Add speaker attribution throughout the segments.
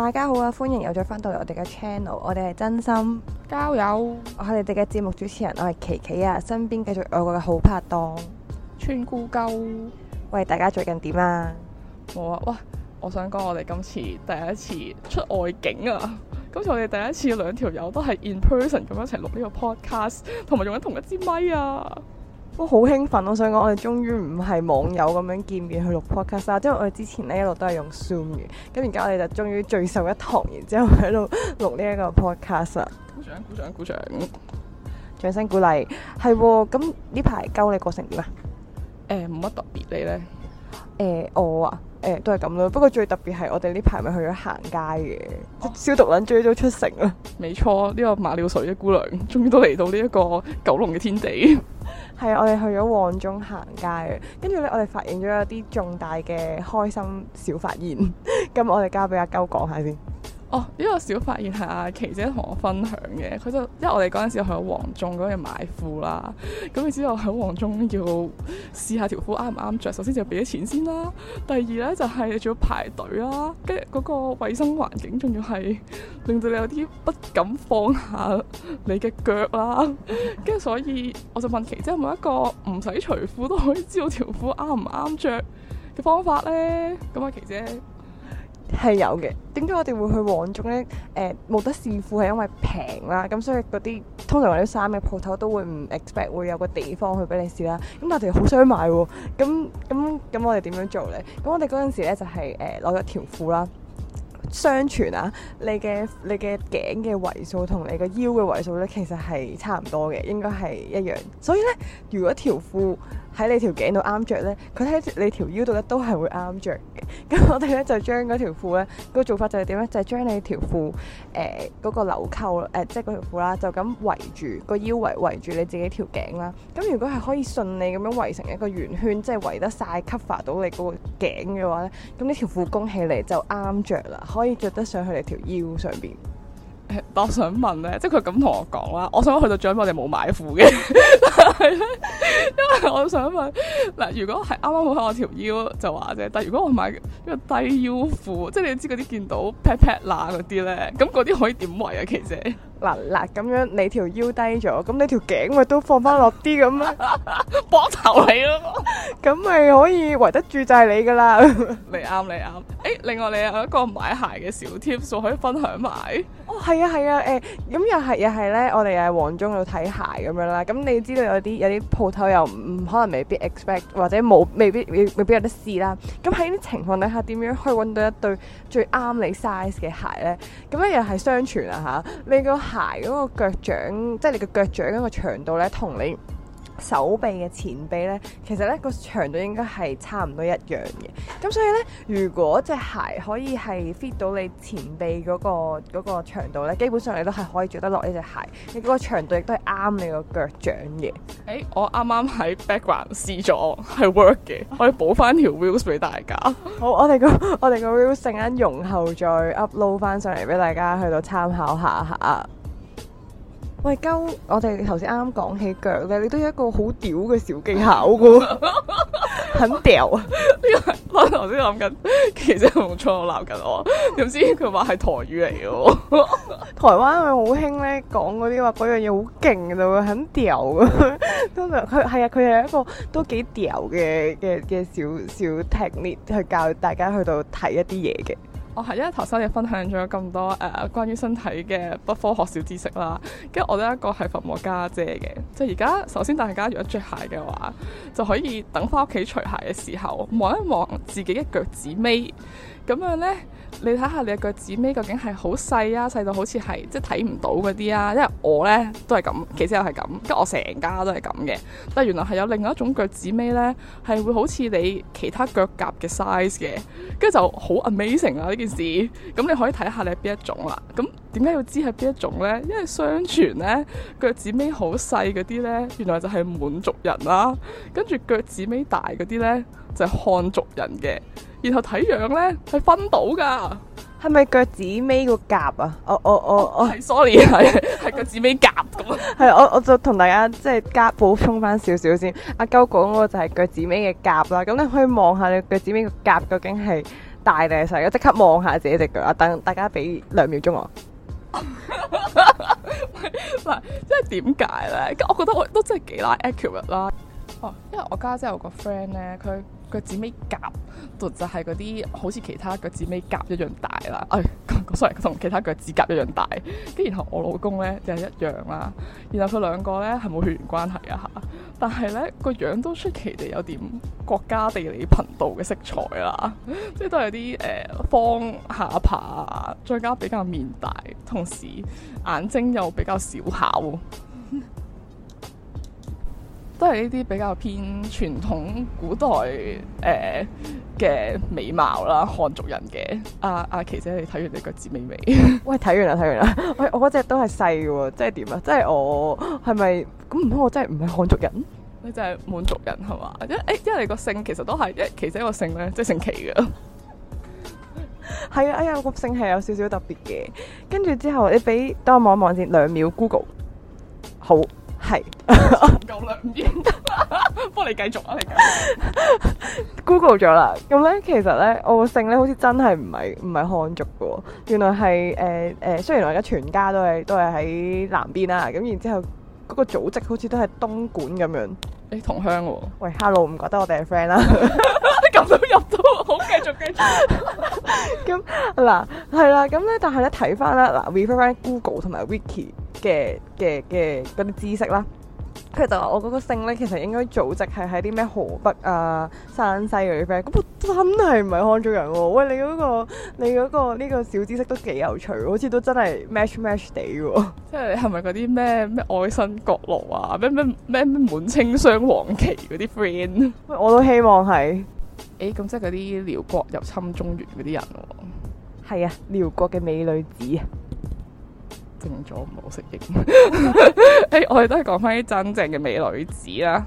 Speaker 1: 大家好啊，歡迎又再翻到嚟我哋嘅 channel，我哋係真心交友，我係我哋嘅節目主持人，我係琪琪啊，身邊繼續有我嘅好拍檔，村姑溝，喂，大家最近點啊？
Speaker 2: 冇啊，哇，我想講，我哋今次第一次出外景啊，今 次我哋第一次兩條友都係 in person 咁一齊錄呢個 podcast，同埋用緊同一支咪啊。
Speaker 1: 都好、哦、興奮，我想講，我哋終於唔係網友咁樣見面去錄 podcast 啦。即係我哋之前呢一路都係用 Zoom 嘅，咁住而家我哋就終於聚首一堂，然之後喺度錄呢一個 podcast。鼓掌！鼓掌！鼓掌！掌聲鼓勵，係咁呢排溝你過成點啊？誒、欸，冇乜特別咧。誒、欸，我啊，誒、欸、都係咁咯。不過最特別係我哋呢排咪去咗行街嘅，哦、
Speaker 2: 即消毒撚最早出城啊。冇錯，呢、這個馬料水嘅姑娘終於都嚟到呢一個九龍嘅天地。
Speaker 1: 係啊，我哋去咗旺中行街，跟住咧我哋發現咗一啲重大嘅開心小發現，咁、 嗯、我哋交俾阿鳩講下先。
Speaker 2: 哦，呢個小發現係阿琪姐同我分享嘅，佢就因為我哋嗰陣時去咗黃忠嗰度買褲啦，咁你知道喺黃忠要試下條褲啱唔啱着，首先就俾咗錢先啦，第二咧就係你仲要排隊啦，跟住嗰個衞生環境仲要係令到你有啲不敢放下你嘅腳啦，跟住所以我就問琪姐有冇一個唔使除褲都可以知道
Speaker 1: 條褲啱唔啱着嘅方法咧？咁啊，琪姐。係有嘅，點解我哋會去旺中咧？誒、呃，冇得試褲係因為平啦，咁所以嗰啲通常話啲衫嘅鋪頭都會唔 expect 會有個地方去俾你試啦。咁但係好想買喎、啊，咁咁咁我哋點樣做咧？咁我哋嗰陣時咧就係誒攞咗條褲啦。相傳啊，你嘅你嘅頸嘅圍數同你嘅腰嘅圍數咧，其實係差唔多嘅，應該係一樣。所以咧，如果條褲，喺你條頸度啱着咧，佢喺你條腰度咧都係會啱着嘅。咁我哋咧就將嗰條褲咧個做法就係點咧，就係將你條褲誒嗰個紐扣誒，即係嗰條褲啦，就咁圍住個腰圍圍住你自己條頸啦。咁如果係可以順利咁樣圍成一個圓圈，即係圍得晒 cover 到你嗰個頸嘅話咧，咁呢條褲工起嚟就啱着啦，可以着得上去你條腰上邊。
Speaker 2: 我想問咧，即係佢咁同我講啦，我想去到最尾我哋冇買褲嘅，但係咧，因為我想問嗱，如果係啱啱好喺我條腰就話啫，但係如果我買一個低腰褲，即係你知嗰啲見到劈劈喇嗰啲咧，咁嗰啲可以點圍啊？其實
Speaker 1: 嗱嗱咁樣，你條腰低咗，咁你條頸咪都放翻落啲咁啊？
Speaker 2: 膊頭嚟咯，
Speaker 1: 咁咪可以圍得住就係你噶啦，
Speaker 2: 你啱你啱。另外你有一個買鞋嘅小 tips，我可以分享埋
Speaker 1: 哦，係啊係啊，誒、啊，咁、欸、又係又係咧，我哋又係黃中度睇鞋咁樣啦。咁你知道有啲有啲鋪頭又唔可能未必 expect，或者冇未必未必有得試啦。咁喺呢啲情況底下，點樣可以搵到一對最啱你 size 嘅鞋咧？咁咧又係相傳啊吓，你個鞋嗰個腳掌，即係你個腳掌嗰個長度咧，同你。手臂嘅前臂咧，其實咧個長度應該係差唔多一樣嘅。咁所以咧，如果隻鞋可以係 fit 到你前臂嗰、嗰個嗰、嗰個、長度咧，基本上你都係可以着得落呢隻鞋。你個長度亦都係啱你個腳掌嘅。
Speaker 2: 誒、欸，我啱啱喺 background 試咗，係 work 嘅，我要補翻條 views 俾大家。
Speaker 1: 好，我哋、嗰個我哋個 views 陣間容後再 upload 翻上嚟俾大家去到參考一下一下。喂，鳩我哋頭先啱啱講起腳咧，你都有一個好屌嘅小技巧噶。 很屌啊的！呢
Speaker 2: 個我頭先諗緊，其實我錯，我鬧緊我，點知佢話係台語嚟嘅。
Speaker 1: 台灣佢好興咧，講嗰啲話嗰樣嘢好勁，就會很屌。通常佢係啊，佢係一個都幾屌嘅嘅嘅小小 technique 去教大家去到睇一啲嘢嘅。
Speaker 2: 我係因為頭先你分享咗咁多誒、呃，關於身體嘅不科學小知識啦，跟住我都一個係服務家姐嘅，即係而家首先大家如果着鞋嘅話，就可以等翻屋企除鞋嘅時候望一望自己嘅腳趾尾。咁樣呢，你睇下你嘅腳趾尾究竟係好細啊，細到好似係即係睇唔到嗰啲啊！因為我呢，都係咁，其實又係咁，跟住我成家都係咁嘅。但係原來係有另外一種腳趾尾呢，係會好似你其他腳甲嘅 size 嘅，跟住就好 amazing 啊呢件事！咁你可以睇下你係邊一種啦、啊。咁點解要知係邊一種呢？因為相傳呢，腳趾尾好細嗰啲呢，原來就係滿族人啦、啊。跟住腳趾尾大嗰啲呢，就係漢族人嘅，然後睇樣咧係分到㗎，
Speaker 1: 係咪、啊、腳趾尾個甲啊？哦哦哦哦，係
Speaker 2: sorry，係係腳趾尾甲咁
Speaker 1: 啊。係我我就同大家即係加補充返少少先。阿鳩講嗰個就係腳趾尾嘅甲啦。咁你可以望下你腳趾尾個甲究竟係大定係細？即刻望下自己隻腳啊！等大家俾兩秒鐘我。
Speaker 2: 嗱， 即係點解咧？我覺得我都真係幾拉 accurate 啦。哦，oh，因為我家姐有個 friend 咧，佢。腳趾尾甲就係嗰啲好似其他腳趾尾甲一樣大啦，誒，sorry，同其他腳趾甲一樣大，跟然後我老公呢就係一樣啦，然後佢兩個呢係冇血緣關係啊嚇，但係呢個樣都出奇地有點國家地理頻道嘅色彩啦，即係都係啲誒方下巴，再加比較面大，同時眼睛又比較小巧。都係呢啲比較偏傳統古代誒嘅、欸、美貌啦，漢族人嘅阿阿琪姐，你
Speaker 1: 睇完你個字未未？喂，睇完啦，睇完啦！我我嗰隻都係細喎，即係點啊？即係我係咪咁唔通我真係唔係漢族人？
Speaker 2: 你真係滿族人係嘛、欸？因誒為你個姓其實都係，因為琪姐個姓咧即係姓奇嘅。係啊，哎呀個
Speaker 1: 姓係有少少特別嘅。跟住之後你俾當我望一望先，兩秒 Google。好。係夠啦，唔見得，幫你繼續啊，你
Speaker 2: 繼
Speaker 1: 續啊， 你 Google 咗啦，咁咧其實咧，我個姓咧好似真係唔係唔係漢族嘅，原來係誒誒，雖然我而家全家都係都係喺南邊啦，咁然之後嗰個組織好似都係東莞咁樣，誒、欸、同鄉喎、啊，喂，Hello，唔覺得我哋係 friend 啦，
Speaker 2: 咁都入到，好、 嗯，繼續，繼續，咁
Speaker 1: 嗱，係啦，咁咧，但係咧睇翻啦，嗱 refer 翻 Google 同埋 Wiki。嘅嘅嘅嗰啲知識啦，佢就話我嗰個姓咧，其實應該祖籍係喺啲咩河北啊、山西嗰啲 friend，咁真係唔係漢族人喎、啊？喂你嗰、那個你嗰、那個呢、這個小知識都幾有趣，好似都真係 match match 地喎、啊。即係係咪嗰啲咩咩
Speaker 2: 愛新覺羅啊？咩咩咩滿清雙黃旗嗰啲 friend？喂， 我都希望係，哎咁、欸、即係嗰啲遼國入侵中原嗰啲人喎。係啊，遼、啊、國嘅美女子。正咗唔好適應。誒、 哎，我哋都係講翻啲真正嘅美女子啦。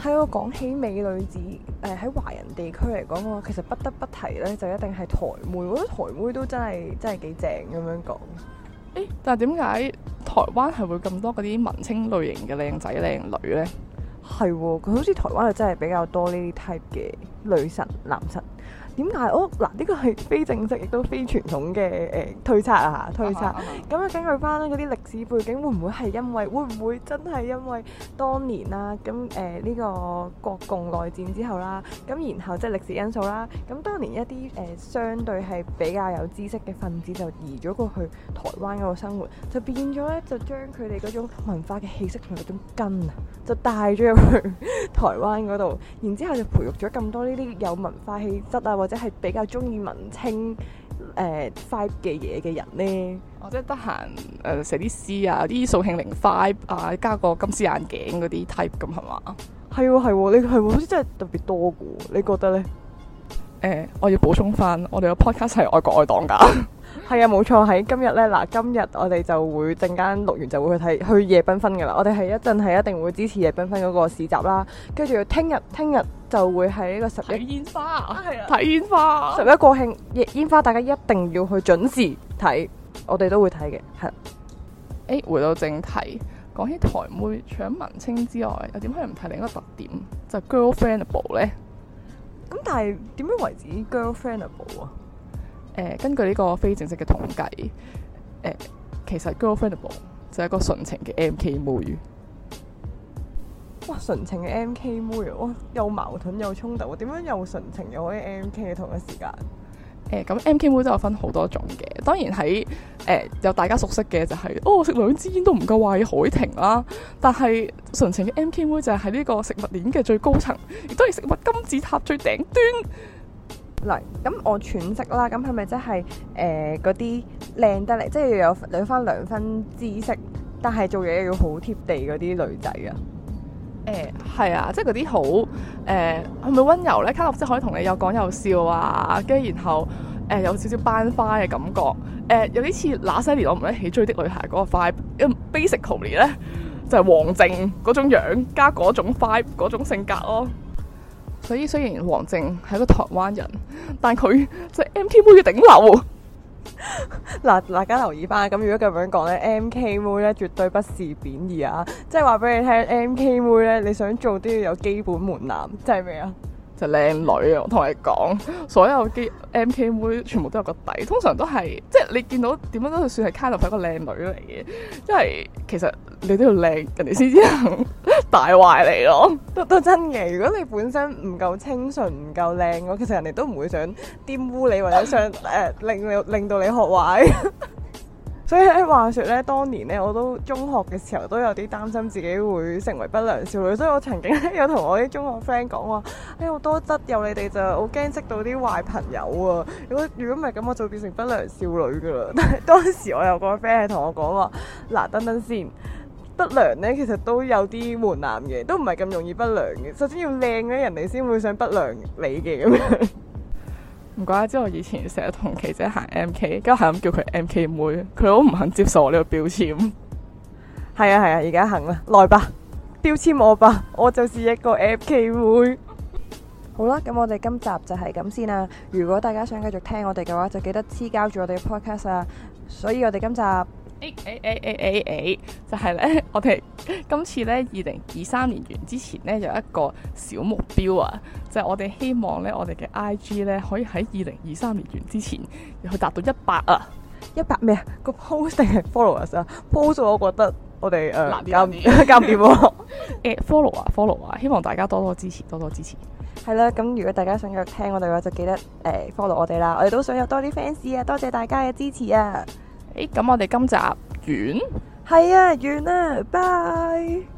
Speaker 1: 係，我講起美女子，誒喺華人地區嚟講嘅話，其實不得不提咧，就一定係台妹。我覺得台妹都真係真係幾正咁樣講。誒、哎，但係點解台灣係會咁多嗰啲文青類型嘅靚仔靚女咧？係，佢、哦、好似台灣係真係比較多呢啲 type 嘅女神男神。點解？我嗱呢個係非正式亦都非傳統嘅誒推測啊，推測咁樣根據翻嗰啲歷史背景，會唔會係因為？會唔會真係因為當年啦？咁誒呢個國共內戰之後啦，咁然後即係、就是、歷史因素啦。咁當年一啲誒、呃、相對係比較有知識嘅分子，就移咗過去台灣嗰度生活，就變咗咧，就將佢哋嗰種文化嘅氣息同埋嗰種根啊，就帶咗入去台灣嗰度，然之後就培育咗咁多呢啲有文化氣質啊即係比較中意文青誒 type 嘅嘢嘅人咧，即係得閒
Speaker 2: 誒寫啲詩啊，啲宋慶齡 type 啊，加個金絲眼鏡嗰啲 type 咁係嘛？係喎係喎，你係喎，好似、哦、真係特別
Speaker 1: 多噶你覺得咧？誒、呃，我要補充翻，我哋個 podcast 係愛國愛黨噶。係啊，冇錯喺今日呢，嗱今日我哋就會陣間錄完就會去睇去夜繽紛噶啦，我哋係一陣係一定會支持夜繽紛嗰個市集啦，跟住聽日聽日就會係呢個十一睇煙花啊，係啊，睇煙花，十一國慶夜煙花，大家一定要去準時睇，我哋都會睇嘅，係。誒，回到正題，
Speaker 2: 講起台妹，除咗文青之外，又點可以唔提另一個特點，就係 girlfriendable 咧？
Speaker 1: 咁但係點樣維持 girlfriendable 啊？
Speaker 2: 誒、呃，根據呢個非正式嘅統計，誒、呃，其實 Girlfriendable 就係一個純情嘅 M K 妹。
Speaker 1: 哇，純情嘅 M K 妹，哇，又矛盾又衝突，點樣又純情又可以 M K 嘅同一時間？
Speaker 2: 誒、呃，咁 M K 妹都有分好多種嘅，當然喺誒、呃、有大家熟悉嘅就係、是、哦食兩支煙都唔夠壞海婷啦、啊，但係純情嘅 M K 妹就係喺呢個食物鏈嘅最高層，亦都係食物金字塔最頂端。
Speaker 1: 嚟咁我喘息啦，咁係咪真係誒嗰啲靚得嚟，即、就、係、是、要有兩翻兩分知識，但係做嘢要好貼地嗰啲女仔啊？誒係、呃、啊，即係嗰啲好誒，
Speaker 2: 係咪溫柔咧？卡洛斯可以同你有講有笑啊，跟住然後誒、呃、有少少班花嘅感覺，誒、呃、有啲似那些年我們一起追的女孩嗰個 vibe，因為 basically 咧就係王靜種樣加種 vibe 種性格咯。
Speaker 1: 所以雖然王靜係個台灣人，但佢即係 MK 妹嘅頂流嗱。 大家留意翻咁，如果咁樣講咧，MK 妹咧絕對不是貶義啊！即係話俾你聽，MK 妹咧，你想做都要有基本門檻，即係咩啊？就靚女啊！我同你講，所有啲 MK 妹全部都有個底，通常都
Speaker 2: 係即係你見到點樣都算係卡奴，係個靚女嚟嘅，因為其實你都要靚人哋先至帶壞你咯 。
Speaker 1: 都都真嘅，如果你本身唔夠清純唔夠靚嘅，其實人哋都唔會想玷污你或者想誒、 呃、令令到你學壞。 所以咧，話説咧，當年咧，我都中學嘅時候都有啲擔心自己會成為不良少女，所以我曾經咧有同我啲中學 friend 講話，唉、哎，好多質由你哋就好驚識到啲壞朋友啊！如果如果唔係咁，我就會變成不良少女噶啦。但係當時我有個 friend 係同我講話，嗱、啊，等等先，不良咧其實都有啲門檻嘅，都唔係咁容易不良嘅。首先要靚咧，人哋先會想不良你嘅咁樣。
Speaker 2: 唔怪之，我以前成日同琪姐行 MK，跟住係咁叫佢 MK 妹，佢都唔肯接受我呢個標籤。係啊係啊，而
Speaker 1: 家、啊、行啦，來吧，標籤我吧，我就是一個 MK 妹。 好啦，咁我哋今集就係咁先啦。如果大家想繼續聽我哋嘅話，就記得黐膠住我哋嘅 podcast 啊。所以我哋今集誒
Speaker 2: 誒誒誒誒誒，A A A A、A, 就係咧，我哋。今次咧，二零二三年完之前咧，有一個小目標啊，就係、我哋希望咧，我哋嘅 I G 咧，可以喺二零二三年完之前，去達到一
Speaker 1: 百啊，一百
Speaker 2: 咩啊？個 post 定係 followers 啊
Speaker 1: ？post 我覺得我哋誒，夾唔掂？夾唔掂？誒、 欸、，follow 啊
Speaker 2: ，follow 啊，希望大家多多支持，多多支持。
Speaker 1: 係啦，咁如果大家想聽我哋嘅話，就記得誒、欸、follow 我哋啦。我哋都想有多啲 fans 啊，多謝大家嘅支持啊。誒、欸，咁我哋今集完。係啊，完啦，拜。